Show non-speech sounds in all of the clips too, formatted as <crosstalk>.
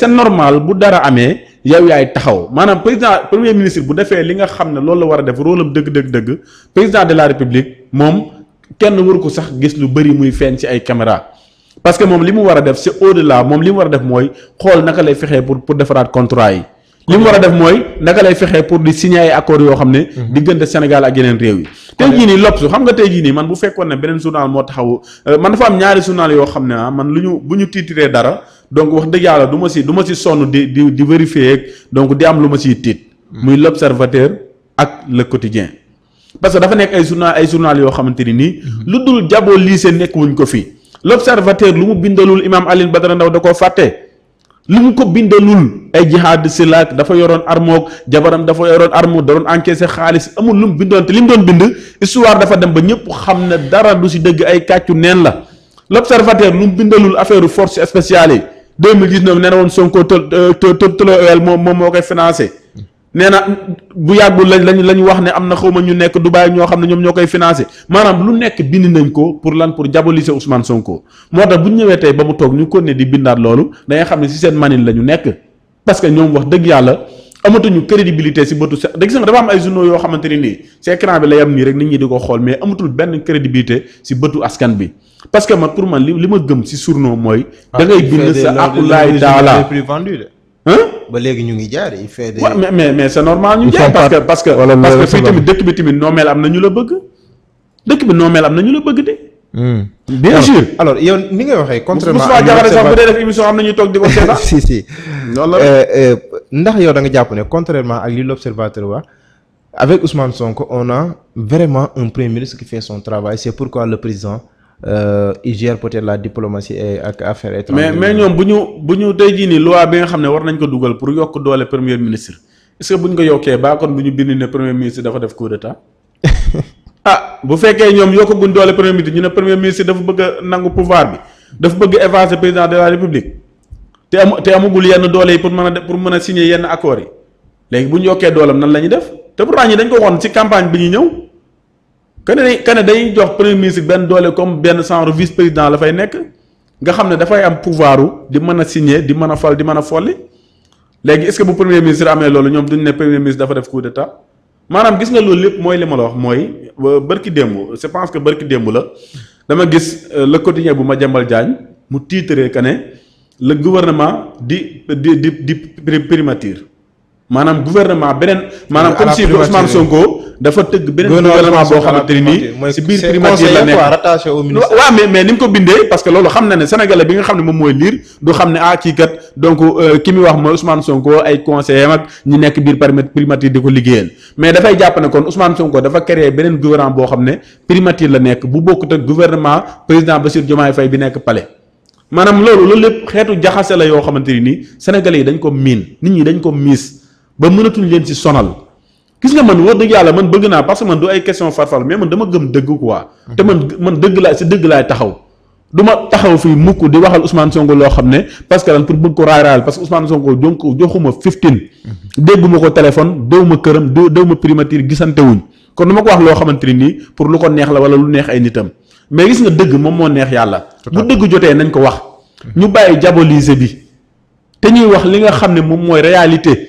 sen normal bu dara amee yow yaay taxaw maanaam président premier ministre bu defee li nga xam ne loolu la war a def rôle dëgg-dëgg-dëgg président de la république moom kenn waru ko sax gis lu bëri muy fen ci ay caméra parce que moom li mu war a def c'est au la moom li mu war a def mooy xool naka lay fexee pour pour defaraat contrat yi. li mu war a def mooy naka lay fexee pour di signer ay accords yoo xam ne. Mhm. diggante Sénégal ak yeneen réew yi. tey jii nii Lobs nga tey jii nii man bu fekkoon ne beneen journal moo taxaw euh, man am ñaari journal yoo xam ne ah man lu ñu ñu tiitiree dara. donc wax dëgg yàlla du ma si du ma sonn di di di vérifier ak di am lu ma siy tiit. Hmm. muy l' observateur ak le quotidien parce que dafa nekk ay journal ay journal yoo xamante ni nii. Hmm. lu dul jaboo lii seen nekk wuñ ko fii. l' observateur lu mu bindalul imaam Alioune Badara ndaw da koo fàtte lu mu ko bindalul ay jihaad si laak dafa yoroon armoog jabaram dafa yoroon armo da doon encaissé xaalis amul lu mu bindoon te li mu doon bind histoire dafa dem ba ñëpp xam ne dara du si dëgg ay kàccu neen la l' observateur lu bindalul affaire force spéciale yi. 2019 nee na woon Sonko të të tëb moom moom moo koy financé nee na bu yàggul lañ lañ lañ wax ne am na xaw ma ñu nekk du Dubaay ñoo xam ne ñoom ñoo koy financé maanaam lu nekk bind nañ ko pour lan pour diaboliser Ousmane Sonko moo tax bu ñu ñëwee tey ba mu toog ñu ko ne di bindaat loolu da nga xam ne si seen manine la ñu nekk parce que ñoom wax dëgg yàlla. amatuñu crédibilité si bëtu da gis nga dafa am ay journaux yoo xamante ne nii si écran bi la yam nii rek nit ñi di ko xool mais amatul benn crédibilité si bëtu askan bi parce que man pour man li ma gëm si surno mooy. Ah, da ngay bind sa akulaay daala ba ñu ngi jaar il fait des. mais mais mais c'est ñu jaay parce que parce que tamit dëkk bi tamit noomeel am na ñu la bëgg dëkk bi noomeel am na ñu la bëgg de. Hmm. bien sûr alors yow ni ngay waxee. contrairement ak Moustapha Diakhaté sax bu am na ñuy toog di <laughs> si si noonu euh, euh, ndax yow da nga jàpp ne contrairement ak li l'observateur wax avec Ousmane Sonko on a vraiment un premier ministre qui fait son travail c'est pourquoi le président. Euh, il gère peut-être la diplomatie ak affaires étrangères. mais mais ñoom bu ñu bu ñu tey jii nii loi bi nga xam ne war nañ ko dugal pour yokk doole premier ministre est-ce que bu ñu ko yokkee baa kon bu ñu bind ne premier ministre dafa def coup d'état <laughs> ah bu fekkee ñoom yokk guñ doole premier ministre ñu ne premier ministre dafa bëgg a nangu pouvoir bi dafa bëgg évincer président de la république te am te amagul yenn doole yi pour mën a pour mën a signer yenn accords yi léegi bu ñu yokkee doolam nan la def te pourtant ñi dañ ko waxoon ci campagne bi ñu ñëw que ne que dañuy jox premier ministre benn doole comme benn genre vice président la fay nekk nga xam ne dafay am pouvoiru di mën a signer di mën a fal di mën a folli léegi est bu premier ministre amee loolu ñoom duñ ne premier dafa def coup d'état maanaam gis nga loolu lépp mooy li ma la wax mooy. bërki démb je pense que bërki démb la dama gis euh, le quotidien bu Madiambal Diagne mu tiitaree que ne le gouvernement di di di di primature maanaam gouvernement beneen maanaam comme si Ousmane Sonko dafa boo xamante ne nii si biir primature la nekk waaw mais mais ni mu ko bindee parce que loolu xam na ne sénégalais bi nga xam ne moom mooy liir du xam ne ah kii kat donc euh, ki muy wax mooy Ousmane Sonko ay conseil am ak ñi nekk biir primature di ko liggéeyal mais dafay jàpp ne kon Ousmane Sonko dafa créer beneen gouvernement boo xam ne primature la nekk bu bokkut ak gouvernement président Bassirou Diomaye Faye bi nekk palais maanaam loolu loolu lépp xeetu jaxase la yoo xamante ni nii sénégalais yi dañ ko miin nit ñi dañ ko miis ba mënatuñ leen ci sonal gis nga man wër dëgg yàlla man bëgg naa parce que man du ay question farfar mais man dama gëm dëgg quoi. te man man dëgg laa laay taxaw. du taxaw fii mukk di waxal Ousmane Sonko loo xam ne parce que lan pour bëgg ko raay raayal parce que Ousmane Sonko jonk joxuma 15. Mhm. dégguma ko téléphone déw ma këram déw ma primatire gisante wuñ kon du ma ko wax loo xamante ni nii pour lu ko neex la wala lu neex ay nitam mais gis nga dëgg moom moo neex yàlla. bu dëgg jotee nañ ko wax. ñu bàyyi diaboliser bi te ñuy wax li nga xam ne moom mooy réalité.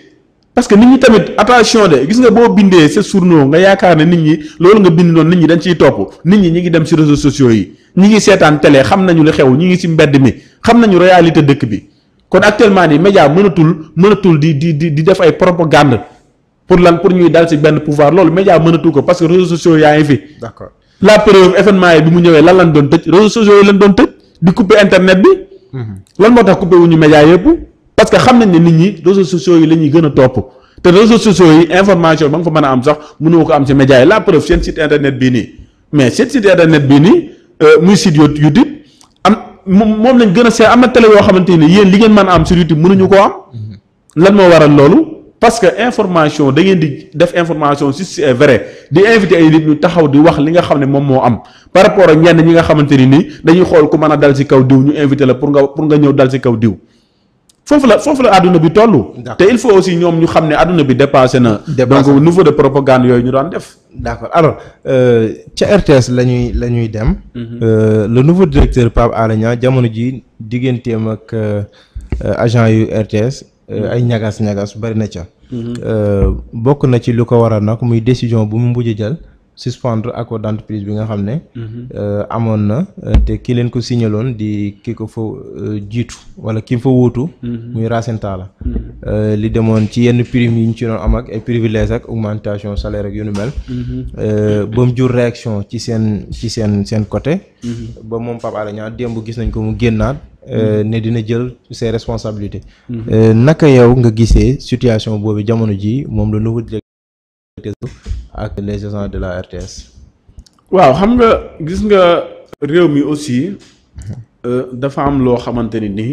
parce que nit ñi tamit attention de gis nga boo bindee sa journaux nga yaakaar ne nit ñi loolu nga bind noonu nit ñi dañ ciy topp nit ñi ñi ngi dem ci réseaux sociaux yi ñi ngi seetaan télé xam nañu li xew ñi ngi ci mbedd mi xam nañu réalité dëkk bi kon actuellement nii média mënatul mënatul di di di di def ay propagande pour lan pour ñuy dal ci benn pouvoir loolu média mënatul ko parce que réseaux sociaux yaa ngi fi. d'accord la preuve événement yi bi mu ñëwee lan lañ doon tëj réseaux sociaux yi lañ doon tëj mhm. ñu média yëpp. parce que xam nañ ne nit ñi réseaux sociaux yi la ñuy gën a topp te réseaux sociaux yi information ba nga fa mën a am sax mënoo ko am ci média yi la preuve seen mais seen site internet bii nii euh, muy moom lañ gën a seet am na yoo xamante ni yéen li ngeen mën a am sur YouTube mënuñu koo am mm-hmm. lan moo waral loolu parce que information da ngeen di def information si c'est vrai di invité ay nit ñu taxaw di wax li nga xam ne moom moo am par rapport a ñenn ñi nga xamante ni nii dañuy xool ku mën a dal si kaw diw ñu invité la pour nga pour nga ñëw dal si kaw diw foofu la foofu la àdduna bi toll. te il faut aussi ñoom ñu xam ne àdduna bi dépassé na. donc niveau de propagande yooyu ñu daan def. d' accord alors euh, ca RTS la ñuy la ñuy dem. Mhm. Euh, le nouveau directeur Pape Alé Niang jamono ji digganteem ak euh, agent yu RTS. ay ñagas ñagas bari na ca. Mhm. bokk na ci lu ko waral nag muy décision bu mu mujj jël. suspendre accord d'entreprise bi nga xam ne mhm. euh, amoon na euh, te ki leen ko signaloon di ki ko fa euh, jiitu wala ki fa wuutu mhm. muy Racine Talla mhm. li demoon ci yenn prime yi ñu ci doon am ak ay privilèges ak augmentation salaire ak yu nu mel ba mu jur réaction ci seen ci seen seen côté ba moom Pape Alé démb gis nañ ko mu génnaat ne dina jël see responsabilité naka yow nga gisee situation boobu jamono ji moom la nouveau ak les agents de la RTS. waaw xam nga gis nga réew mi aussi mhm. euh, dafa am loo xamante ni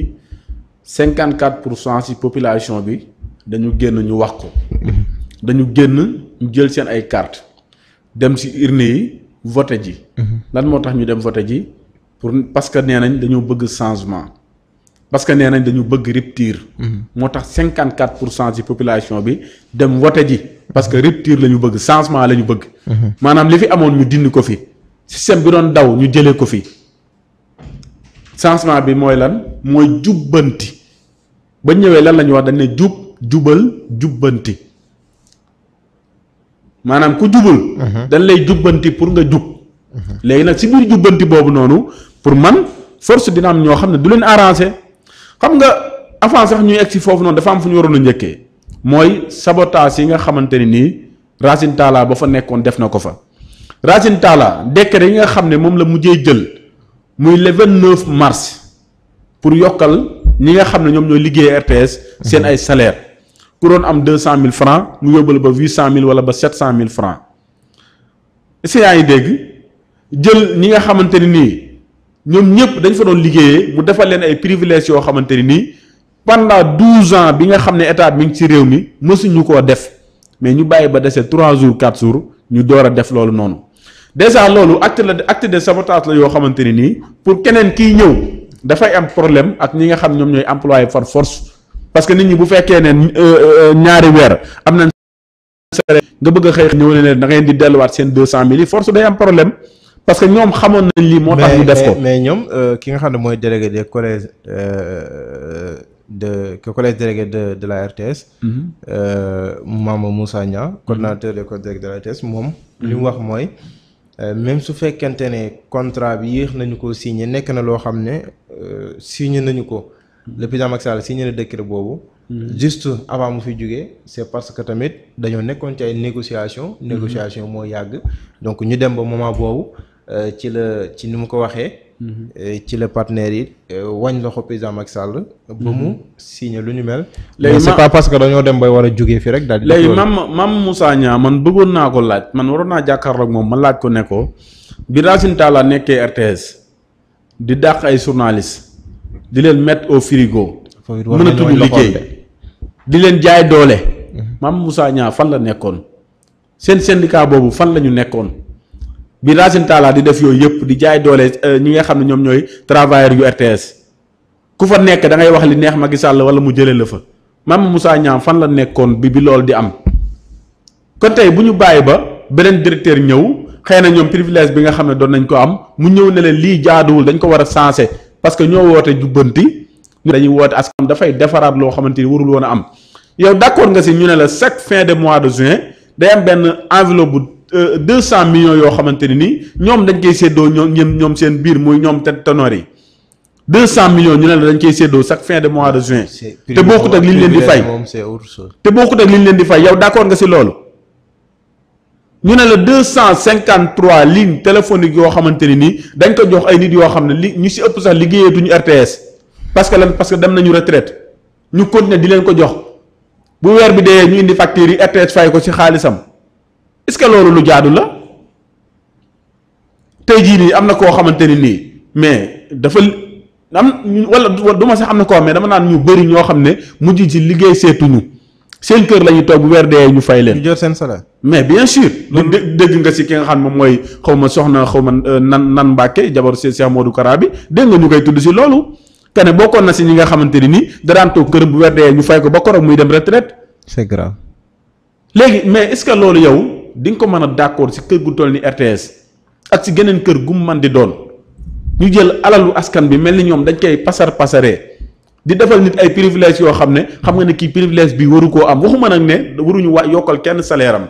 cinquante quatre pour cent ci population bi dañu génn ñu wax ko mhm. dañu génn ñu jël seen ay carte dem ci urne yi voté ji. Mhm. lan moo tax ñu dem voté ji pour parce que nee nañ dañoo bëgg changement. parce que nee nañ dañu bëgg rupture. Mhm. moo tax 54 pour cent ci population bi dem wote ji. parce que rupture la ñu bëgg changement la ñu bëgg. Mhm. maanaam li fi amoon ñu dindi ko fi. système bi doon daw ñu jëlee ko fi. changement bi mooy lan mooy jubbanti ba ñëwee lan la ñu wax dañ ne jub jubal jubbanti maanaam ku jubul. Mhm. dañ lay jubbanti pour nga jub. léegi nag ci biir jubbanti boobu noonu pour man force dina am ñoo xam ne du leen arranger. xam nga avant sax ñuy egg si foofu noonu dafa am fu ñu waroon a njëkkee mooy sabotage yi nga xamante ne nii Racine Talla ba fa nekkoon def na ko fa Racine Talla décret yi nga xam ne moom la mujjee jël muy le 29 mars pour yokkal ñi nga xam ne ñoom ñooy liggéey RTS seen ay salaire ku doon am deux cent mille francs mu yóbbal ba huit cent mille wala ba sept cent mille francs yaa ngi dégg jël ñi nga xamante ni nii ñoom ñëpp dañ fa doon liggéeyee mu defal leen ay privilèges yoo xamante ni nii pendant douze ans bi nga xam ne état mi ngi ci réew mi ñu koo def mais ñu bàyyi ba desee trois jours quatre jours ñu door a def loolu noonu déjà loolu acte la de sabotage la yoo xamante ni nii pour keneen kiy ñëw dafay am problème ak ñi nga xam ñoom ñooy employé par force parce que nit ñi bu fekkee ne euh, euh, ñaari weer am nañ nga bëgg a xëy ñëw ne leen da ngeen di delluwaat seen deux cent mille yi force day am problème parce que ñoom xamoon nañ lii moo tax ñu def ko mais ñoom euh, ki nga xam ne mooy délégué des euh, de collège délégué de de la RTS. Mhm. Euh, Mama Moussa Nia. Mhm. coordonnateur des collèges délégués de la RTS moom. li mu wax mooy même su fekkente ne contrat bi yéex nañu ko signe nekk na loo xam ne signé nañu ko. le président Macky Sall signé na décret boobu. Mhm. juste avant mu fi jógee c'est parce que tamit dañoo nekkoon ci ay négociation négociation moo yàgg donc ñu dem ba moment boobu. Euh, ci la ci ni mu ko waxee. Mhm. Euh, ci la partenaires yi euh, wañ loxo président ak Sall. ba mu mhm. signé lu ñu mel. léegi c'est pas parce que dañoo dem bay war jógee fii rek. daal di léegi mam mam man bëggoon naa ko laaj man waroon naa jàkkaarloog moom ma laaj ko ne ko bi Racine Talla nekkee RTS di dàq ay journaliste di leen mettre au frigo. mënatul liggéey di leen jaay doole. Mhm. mam Moussa Niang fan la nekkoon seen syndicat boobu fan la ñu nekkoon. bi Racine Talla di def yooyu yëpp di jaay doole euh, ñi nga xam ne ñoom ñooy travailleurs yu RTS ku fa nekk da ngay wax li neex Macky Sall wala mu jëlee la fa Mame Moussa ñaam fan la nekkoon bi bi loolu di am kon tey bu ñu bàyyi ba beneen directeur ñëw xëy na ñoom privilège bi nga xam ne doon nañ ko am mu ñëw ne leen lii jaaduwul dañ ko war a sensé parce que ñoo woote jubbanti dañuy woote askan dafay defaraat loo xamante ni warul woon a am yow d'accord nga si ñu ne la chaque fin de mois de juin day benn enveloppe bu Euh, deux cent yoo xamante ne nii ñoom dañ koy séddoo ñoom ñoom seen biir muy ñoom te ténor yi deux ñu ne la koy séddoo chaque fin de mois de juin. te bokkut ak li ñu leen di fay te bokkut ak li ñu leen di fay yow d'accord nga ci loolu. ñu ne la deux cent cinquante trois lignes téléphoniques yoo xamante ne nii dañ ko jox ay nit yoo xam ne li ñu si ëpp sax liggéeyatuñu RTS parce que lan parce que dem nañu retraite ñu continuer di leen ko jox bu weer bi dee ñu indi facture yi RTS fay ko ci xaalisam. est-ce que loolu lu jaadu la tey jii nii am na koo xamante ni nii mais dafa am wala du ma sax am na koo mais dama naan ñu bëri ñoo xam ne mujj ci liggéey seetuñu seen kër lañuy ñuy toog bu weer dee ñu fay leen. ñu seen salaire. mais bien sûr. loolu dégg nga si ki nga xam moom mooy xaw ma soxna xaw ma euh, nan nan Mbàkke jabar si Cheikh Modou Kara bi dégg nga ñu koy tudd si loolu. te ne bokkoon na si ñi nga xamante ni nii da daan toog kër bu weer dee ñu fay ko ba koroog muy dem retraite. c'est grave. léegi mais est-ce que loolu yow. di nga ko mën a d'accord ci kër gu toll ni RTS ak ci geneen kër gu mu man di doon ñu jël alalu askan bi mel ni ñoom dañ koy pasar pasaree di defal nit ay privilèges yoo xam ne xam nga ne kii privilège bi waru koo am waxuma nag ne waruñu wax yokkal kenn salaire am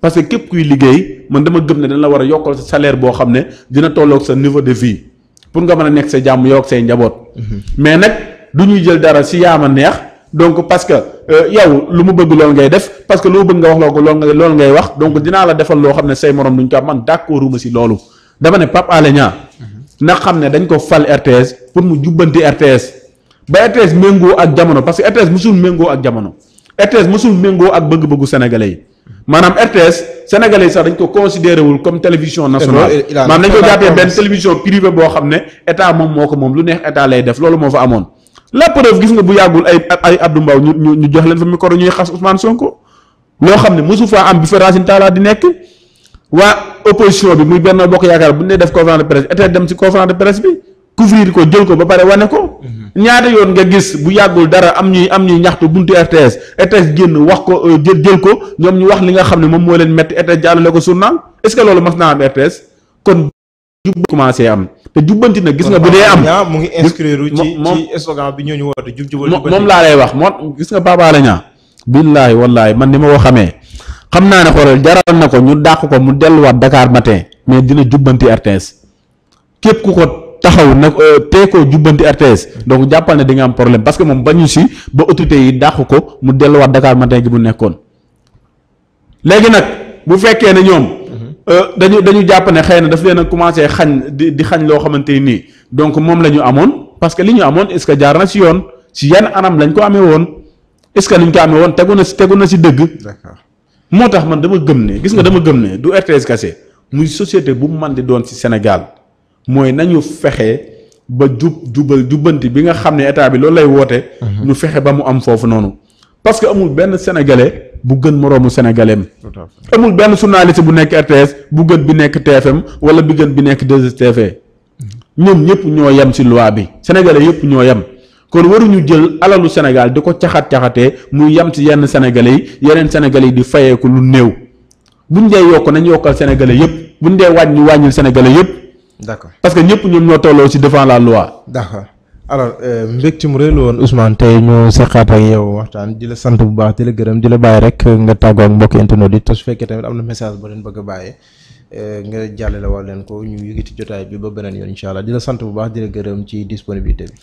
parce que képp kuy liggéey man dama gëm ne dana la war a yokkal sa salaire boo xam ne dina tolloog sa niveau de vie pour nga mën a nekk sa jàmm yow ak say njaboot mhm. mais nag du ñuy jël dara ci yaama neex donc parce que euh, yow lu mu bëgg loolu ngay def parce que lu mu bëgg nga wax loo ko loolu ngay loolu ngay wax donc dinaa la defal loo xam ne say morom duñ ko am man d'accorduma si loolu dama ne Pape Alé na xam ne dañ ko fal RTS pour mu jubbanti RTS ba RTS méngoo ak jamono parce que RTS musul méngoo ak jamono RTS musul méngoo ak bëgg-bëggu sénégalais yi maanaam RTS sénégalais yi sax dañ ko considéré wul comme télévision nationale maanaam dañ ko jàppee benn télévision privée boo xam ne état moom moo ko moom lu nee état def loolu moo fa amoon la preuve gis nga bu yàggul ay ay Abdou Mbow ñu ñu ñu jox leen fa micro ñuy xas Ousmane Sonko loo xam ne mosu faa am bi fa Racine Talla di nekk waa opposition bi muy benn Bokk Yaakaar bu ñu def conférence de presse été dem ci conférence de presse bi couvrir ko jël ko ba pare wane ko. Mhm. ñaata yoon nga gis bu yàggul dara am ñuy am ñuy ñaxtu buntu RTS RTS génn wax ko euh, jël jël ko ñoom ñu wax li nga xam ne moom moo leen metti RTS jàllale ko journal est-ce que loolu mas naa am RTS kon ju commencé am. te jubbanti nag gis nga bu dee am mu ngi inscrire moom ci bi ñooñu woote jub jubal moom laa lay wax moo gis nga Pape Alé Niang billaahi wallaahi man ni ma ko xamee xam naa ne xoolal jaral na ko ñu dàq ko mu delluwaat Dakar matin mais dina jubbanti RTS képp ku ko taxaw nag euh, teekoo koo jubbanti RTS donc jàppal ne di nga am problème parce que moom bañu si ba autorité yi dàq ko mu delluwaat Dakar matin gi mu nekkoon léegi nag bu fekkee ne ñoom Euh, dañu dañu jàpp ne xëy na daf leen a commencé xañ di di xañ loo xamante nii donc moom la ñu amoon parce que li ñu amoon est-ce que jaar na si yoon si yenn anam lañ ko amee woon est-ce que liñ ko amee woon tegu na si tegu si dëgg. d'accord moo tax man dama gëm ne gis nga dama gëm ne du RTS kese muy société bu man mën di doon si Sénégal mooy nañu fexe ba jub jubal jubanti bi nga xam ne état bi loolu lay woote. Mhm. ñu fexe ba mu am foofu noonu. parce que amul benn sénégalais. bu gën moroomu sénégalais amul benn journaliste bu nekk RTS bu gën bi nekk TFM wala bi gën bi nekk 2STV ñoom ñëpp ñoo yem ci loi bi sénégalais yëpp ñoo yem kon waruñu jël alalu Sénégal di ko caxat caxatee muy yem ci yenn sénégalais yi yeneen sénégalais yi di fayeeku lu néew buñ dee yokk nañ yokkal sénégalais bu buñ dee wàññi wàññil sénégalais yëpp. d'accord parce que ñëpp ñoom ñoo tolloo ci devant la loi. d'accord. alors euh, mbégte mu réelu woon Ousmane te ñu seqaat ak yow waxtaan di la sant bu baax di la gërëm di la bàyyi rek nga tàggoo ak mbokki internet yi te su fekkee tamit am na message boo leen bëgg bàyyi bàyyee euh, nga jàllale wàll leen ko ñu yëgiti jotaay bi ba beneen yoon incha allah di la sant bu baax di la gërëm ci disponibilité bi.